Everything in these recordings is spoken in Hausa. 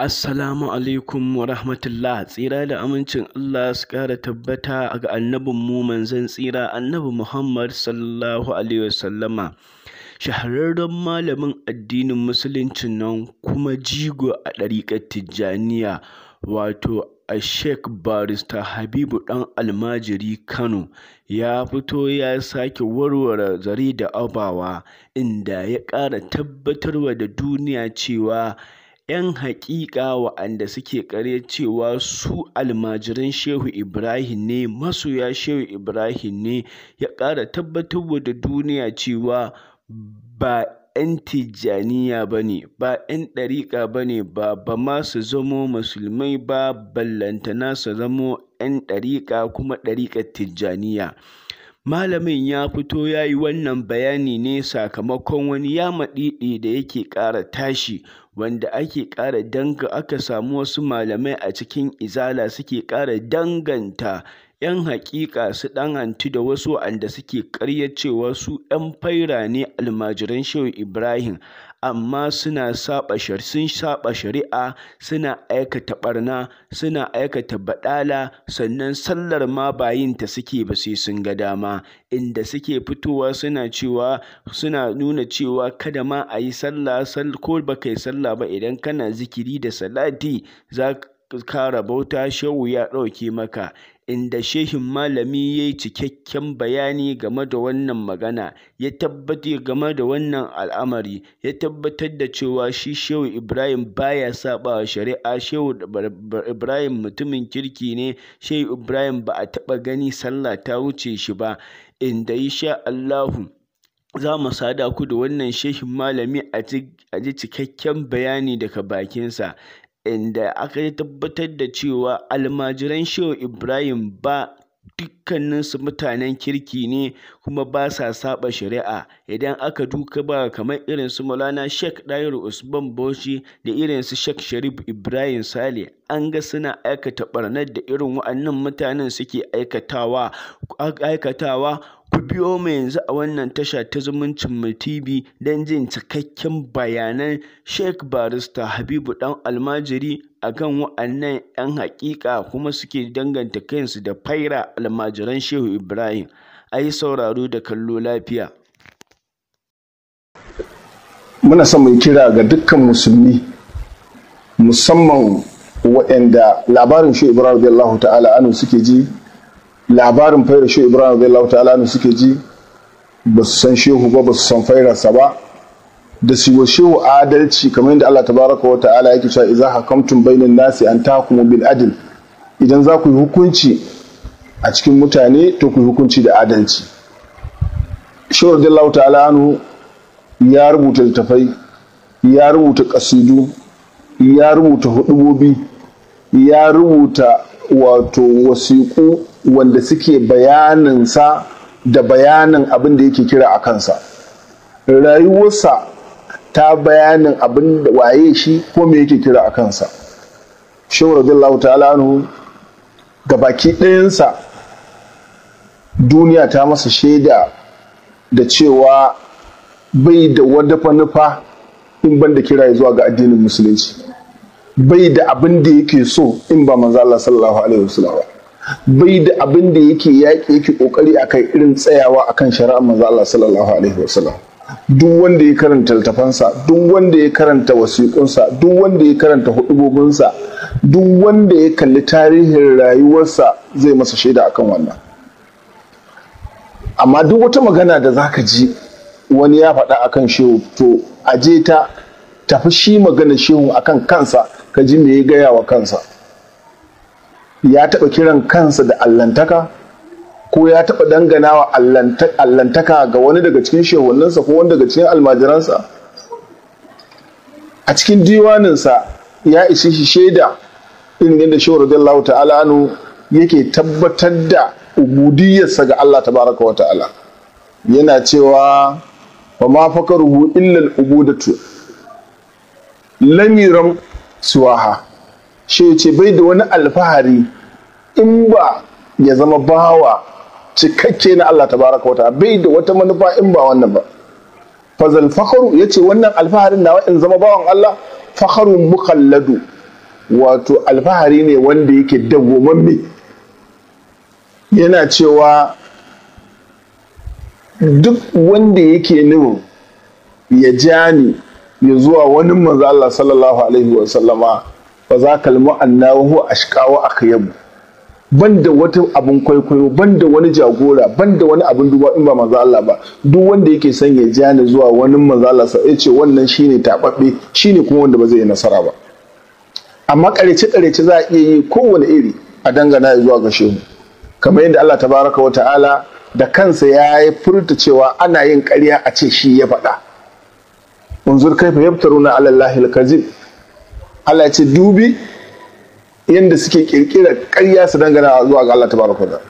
Assalamu alaikum wa rahmatullah tsira da amincin Allah su ƙara tabbata ga annabin mu manzon tsira annabi Muhammad sallallahu alaihi wasallama shahararren malamin addinin musuluncin nan kuma jigo a ɗariƙar Tijjaniya wato a sheik Barista Habibu ɗan almajiri Kano ya fito ya sake warware zare da abawa inda ya ƙara tabbatarwa da duniya cewa ‘yan haƙiƙa waɗanda suke ƙaryar cewa su almajiran Shehu Ibrahim ne, masoya Shehu Ibrahim ne, ya ƙara tabbatarwa da duniya cewa ba ‘yan Tijjaniya ba ne, ba ‘yan ɗariƙa ba ne, ba ba ma su zamo musulmai ba, ballantana su zamo ‘yan ɗariƙa kuma ɗariƙar Tijjaniya. Malamin ya fito ya yi wannan bayani ne sakamakon wani yamaɗiɗi da yake ƙara tashi wanda ake ƙara danga aka samu wasu malamai a cikin Izala suke ƙara danganta ‘yan haƙiƙa su Ɗan Hanti da wasu waɗanda suke ƙaryar cewa su ‘yan faira ne almajiran Shehu Ibrahim, amma sun saɓa shari'a, suna aikata ɓarna, suna aikata baɗala, sannan sallar ma ba ta suke ba sai sun ga dama, inda suke fitowa suna cewa suna nuna cewa kada ma a yi sallah ko ba kai sallah ba idan kana zikiri da salati za ka rabauta shehu ya ɗauke maka inda shehin malami ya yi cikakken bayani game da wannan magana ya tabbatar game da wannan al'amari ya tabbatar da cewa shi shehu ibrahim baya saba wa shari'a shehu ibrahim mutumin kirki ne shehu ibrahim ba a taba gani sallah ta wuce shi ba inda sha allahu za mu sada ku da wannan shehin malami a ji cikakken bayani daga bakinsa inda aka tabbatar da cewa almajiran Shehu Ibrahim ba dukkaninsu mutanen kirki ne kuma ba sa saɓa shari'a idan aka ba kamar irinsu Maulana Sheikh Dahiru Usman Bauchi da irin su Sheikh Sharif Ibrahim Sale an ga suna aikata barnar da irin wa'annan mutanen suke aikatawa biyo mu yanzu a wannan tasha ta zumuncin mu TV don jin cikakken bayanan Sheikh Barista Habibu Dan Almajiri akan wa'annan 'yan haƙiƙa kuma suke danganta kansu da faira almajiran Shehu Ibrahim. A sauraro da kallo lafiya. Muna son mai kira ga dukkan musulmi musamman waɗanda labarin Shehu Ibrahim ta'ala anu suke ji labarin faira shehu ibrahim radiyallahu ta'ala ne suke ji ba su san shehu ba ba su san fairarsa ba da su wa shehu adalci kamar yadda Allah tabaraka wa ta'ala yake cewa idza hakamtum bainan nasi an tahkumu bil adl idan za ku yi hukunci a cikin mutane to ku yi hukunci da adalci shehu radiyallahu ta'ala anhu ya rubuta littafai ya rubuta kasidu ya rubuta hudubobi ya rubuta wato wasiƙu wanda suke bayaninsa da bayanin abin da yake kira a kansa rayuwarsa ta bayanin abin da waye shi ko me yake kira a kansa shehu radiyallahu ta'ala anhu ga baki ɗayansa duniya ta masa shaida da cewa bai da wadafa fanufa in ban da kira zuwa ga addinin musulunci bai da abin da yake so in ba manzo Allah sallallahu alaihi wasallam bai da abin da yake yaƙi yake ƙoƙari a kai irin tsayawa a kan shari'ar manzo Allah sallallahu alaihi wasallam duk wanda ya karanta littafansa duk wanda ya karanta wasiƙunsa duk wanda ya karanta hudubobinsa duk wanda ya kalli tarihin rayuwarsa zai masa shaida akan wannan amma duk wata magana da za ka ji wani ya faɗa akan shehu to a je ta tafi shi magana shehu akan kansa ka ji me ya gaya wa kansa ya taɓa kiran kansa da allantaka ko ya taɓa dangana wa allantaka ga wani daga cikin shehuninsa ko wani daga cikin almajiransa a cikin diwaninsa ya isi shi shaida in yadda shehu radiyallahu ta'ala anu yake tabbatar da ubudiyarsa ga Allah tabaraka wa ta'ala yana cewa fa ma fakaruhu illa al-ubudatu lam suwaha ce bai da wani alfahari in ba ya zama bawa cikakke na Allah tabaraka wata bai da wata manufa in ba wannan ba fazal fakharu yace wannan alfaharin nawa in zama bawan Allah fakharu mukalladu wato alfahari ne wanda yake dawwamamme yana cewa duk wanda yake nufin ya ja ni ya zuwa wani manzo Allah sallallahu alaihi wa sallama fa za ka a annawahu yabu. Ban da wata abin kwaikwayo ban da wani jagora ban da wani abin duba in ba manzo Allah ba duk wanda yake son ya ja ni zuwa wani manzo Allah sa ya ce wannan shine tababbe shine kuma wanda ba zai yi nasara ba amma karece karece za a iya yi kowane iri a dangana zuwa ga shehu kamar yadda Allah tabaraka wa ta'ala da kansa ya yi furta cewa ana yin ƙarya a ce shi ya faɗa unzur fa yabtaruna ala allahi al-kazib Allah ya ce dubi yadda suke kirkira ƙarya su dangana zuwa ga Allah baraka da.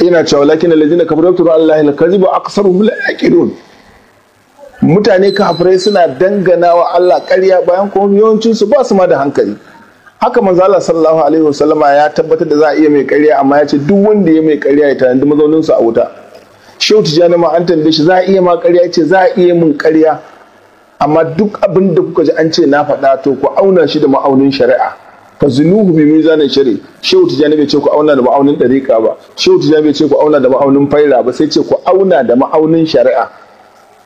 yana cewa lakin alladina kafaru tu Allah al-kadhiba aktsaruhum la yaqilun mutane kafirai suna dangana wa Allah ƙarya bayan kuma yawancin su ba su ma da hankali haka manzo Allah sallallahu alaihi wasallama ya tabbatar da za a iya mai ƙarya amma ya ce duk wanda ya mai ƙarya ya tanadi mazaunin su a wuta shehu tijjani ma an tambaye shi za a iya ma ƙarya ya ce za a iya mun karya. amma duk abin da kuka ji an ce na faɗa to ku auna shi da ma'aunin shari'a fa zunuhu bi mizanin shari shehu tijani bai ce ku auna da ma'aunin ɗariƙa ba shehu tijani bai ce ku auna da ma'aunin faira ba sai ce ku auna da ma'aunin shari'a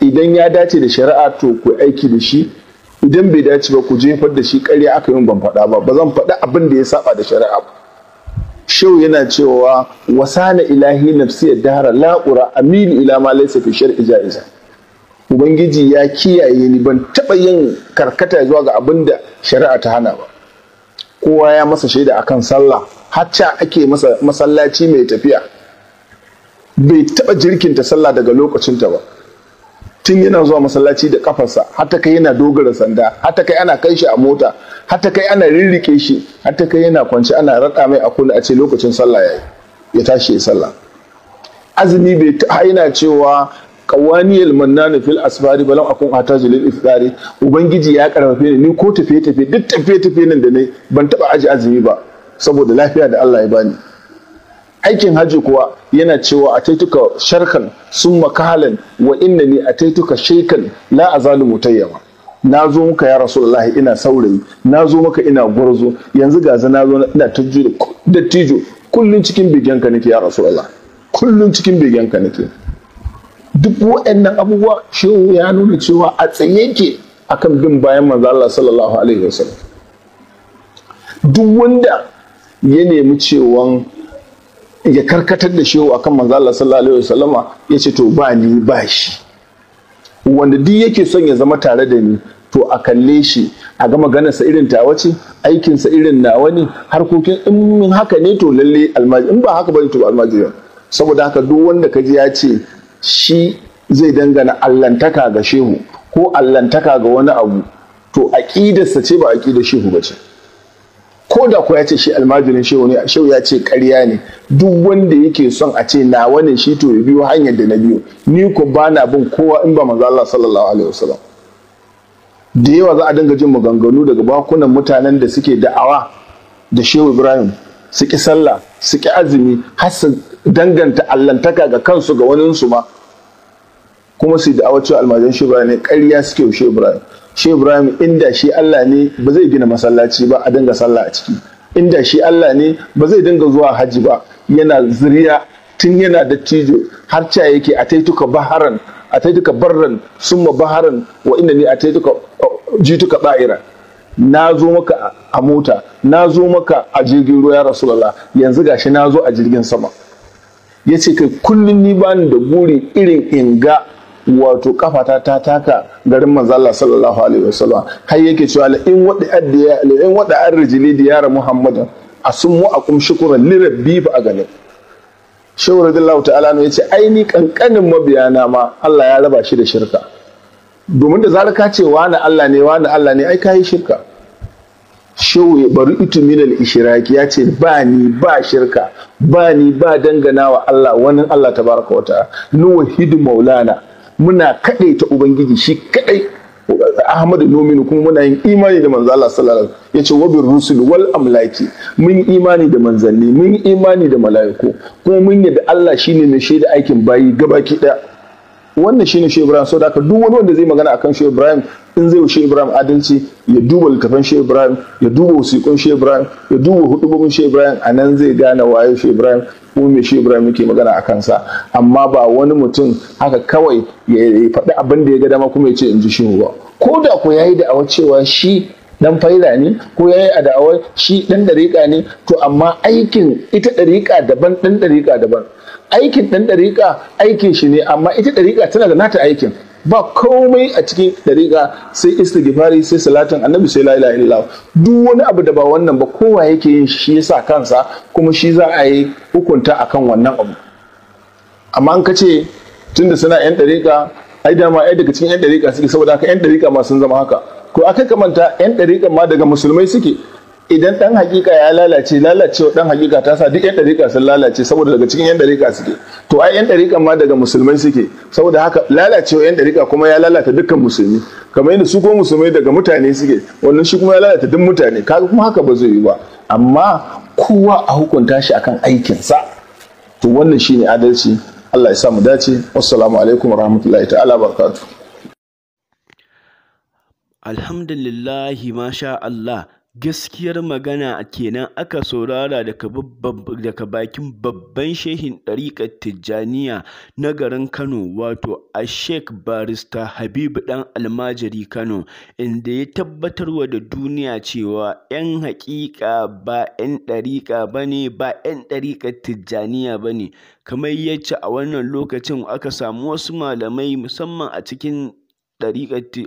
idan ya dace da shari'a to ku aiki da shi idan bai dace ba ku jefar da shi ƙarya aka yi ban faɗa ba ba zan faɗi abin da ya saba da shari'a ba shehu yana cewa wasana ilahi nafsiyar dahara la'ura aminu ila ma laysa fi shar'i ja'iza ubangiji ya kiyaye ni ban taɓa yin karkata zuwa ga abin da shari'a ta hana ba kowa ya masa shaida a kan sallah hacca ake masa masallaci mai tafiya bai taɓa jirkinta sallah daga lokacinta ba tun yana zuwa masallaci da kafarsa hatta kai yana dogara sanda hatta kai ana kai shi a mota hatta kai ana rirrike shi hatta kai yana kwance ana raɗa mai a kula a ce lokacin sallah ya tashi sallah azumi bai yana cewa qawani al fil asfari balam akun ataju lil ifdari ubangiji ya karfafe ni ko tafiye tafiye duk tafiye tafiye nan da nayi ban taba aji azumi ba saboda lafiya da Allah ya bani aikin hajji kuwa yana cewa a taituka sharkan sun makahalan wa inna ni a taituka shekan la a mutayyama na zo muka ya rasulullahi ina saurayi na zo muka ina gwarzo yanzu gaza na zo ina tajjiri da tijo kullum cikin bigenka nake ya rasulullah kullum cikin bigenka nake duk waɗannan abubuwa shehu ya nuna cewa a tsaye yake akan bin bayan manzo Allah sallallahu alaihi wasallam duk wanda ya nemi cewan ya karkatar da shehu akan manzo Allah sallallahu alaihi wasallama ya ce to ba ni ba shi wanda duk yake son ya zama tare da ni to a kalle shi a ga maganarsa irin ta wace, aikinsa irin nawa ne harkokin in haka ne to lalle almajiri in ba haka ba ne to almajiri saboda haka duk wanda ka ji ya ce shi zai dangana allantaka ga shehu ko allantaka ga wani abu to aƙidarsa ce ba aƙidar shehu ba ce ko da ko ya ce shi almajirin shehu ne shehu ya ce karya ne duk wanda yake son a ce na wani shi to ya biyo hanyar da na biyo ni ko ba na bin kowa in ba manzo Allah sallallahu alaihi wasallam da yawa za a dinga jin maganganu daga bakunan mutanen da suke da'awa da shehu Ibrahim su ki sallah su ki azumi har su danganta allantaka ga kansu ga wani su ma kuma su da'awa cewa almajiran shi ibrahim ne ƙarya suke shi ibrahim shi ibrahim inda shi allah ne ba zai gina masallaci ba a dinga sallah a ciki inda shi allah ne ba zai dinga zuwa hajji ba yana zuriya tun yana da tijo har ca yake a taituka baharan a taituka barran ma baharan wa inda ni a taituka jituka ba'ira na zo maka a mota na zo maka a jirgin ruwa ya rasulallah yanzu gashi na zo a jirgin sama ya ce kai kullum ni bani da buri irin in ga wato kafata ta taka garin manzala sallallahu alaihi wasallam har yake cewa la in wada addiya la in wada arjili diyara muhammadin asummu aqum shukran li rabbi fa agani shehu radiyallahu ta'ala ne yace ai ni kankanin mabiyana ma Allah ya raba shi da shirka domin da zarar ka ce wani Allah ne wani Allah ne ai kai shirka shehu ya bari itu minal ishiraki ya ce ba ni ba shirka ba ni ba dangana wa Allah wani Allah tabaraka wa ta'ala nuwahidu maulana muna ta ubangiji shi kaɗai Ahmadu nominu kuma muna yin imani da manzo Allah sallallahu alaihi wasallam yace wabir rusul wal amlaki mun imani da manzanni mun imani da mala'iku kuma mun yi da Allah shine mai shaida aikin bayi gabaki daya wannan shine shehu ibrahim da haka duk wani wanda zai magana akan shehu ibrahim in zai shehu ibrahim adalci ya duba littafan shehu ibrahim ya duba wasiƙun shehu ibrahim ya duba hudubomin shehu ibrahim a nan zai gane waye shehu ibrahim ko me shehu ibrahim yake magana a kansa amma ba wani mutum haka kawai ya faɗi abin da ya ga dama kuma ya ce in ji shehu ba ko da ku yayi da awa cewa shi dan faida ne ko yayi adawa shi dan dariƙa ne to amma aikin ita dariƙa daban dan dariƙa daban aikin dan dariƙa aikin shi ne amma ita dariƙa tana da nata aikin ba komai a cikin dariƙa sai istighfari sai salatin annabi sai la ilaha illallah duk wani abu da ba wannan ba kowa yake yin shi yasa kansa kuma shi za a yi hukunta akan wannan abu amma an kace tunda suna yan dariƙa ai dama ai daga cikin yan dariƙa suke saboda haka yan dariƙa ma sun zama haka ko aka kamanta yan ɗariƙan ma daga musulmai suke idan ɗan hakika ya lalace lalacewa ɗan hakika ta sa duk yan ɗariƙa sun lalace saboda daga cikin yan ɗariƙa suke to ai yan ɗariƙan ma daga musulmai suke saboda haka lalacewa yan ɗariƙa kuma ya lalata dukkan musulmi kamar yadda su ko musulmai daga mutane suke wannan shi kuma ya lalata duk mutane kaga kuma haka ba zai yi ba amma kowa a hukunta shi akan aikinsa to wannan shine adalci Allah ya sa mu dace wassalamu alaikum warahmatullahi ta'ala barakatuh Alhamdulillahi masha Allah, gaskiyar magana kenan aka saurara daga bakin babban shehin ɗariƙar Tijjaniya na garin Kano wato Sheikh Barista Habibu ɗan almajiri Kano inda ya tabbatarwa da duniya cewa 'yan haƙiƙa ba 'yan ɗariƙa ba ne ba 'yan ɗariƙar Tijjaniya ba ne kamar yacce a wannan lokacin aka samu wasu malamai musamman a cikin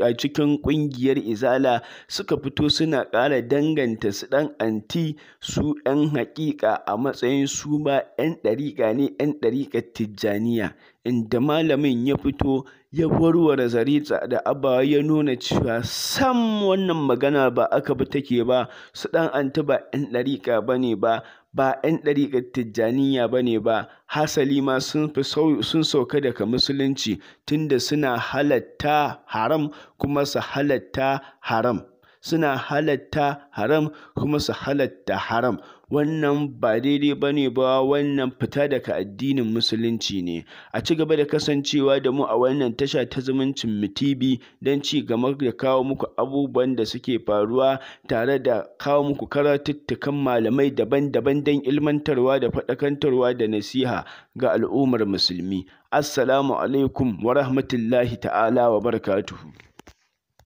a cikin ƙungiyar Izala suka fito suna ƙara danganta su ɗan anti su 'yan haƙiƙa a matsayin su ma 'yan ɗariƙa ne 'yan ɗariƙar tijjaniya. inda malamin ya fito ya warware Zarika da Abawa ya nuna cewa sam wannan magana ba aka bi take ba su dan anti ba 'yan ɗariƙa ba ne ba ba 'yan ɗariƙa Tijjaniya ba ne ba hasali ma sun sauka daga musulunci tunda suna halatta haram kuma su halatta haram suna halatta haram kuma su halatta haram Wannan ba daidai ba ne ba wannan fita daga addinin Musulunci ne. A ci gaba da kasancewa da mu a wannan tasha ta zumuncin mutibi don ci gaba da kawo muku abubuwan da suke faruwa tare da kawo muku karatuttukan malamai daban-daban don ilmantarwa da faɗakantarwa da nasiha ga al'ummar musulmi. Assalamu alaikum wa rahmatullahi ta'ala wa barakatuhu.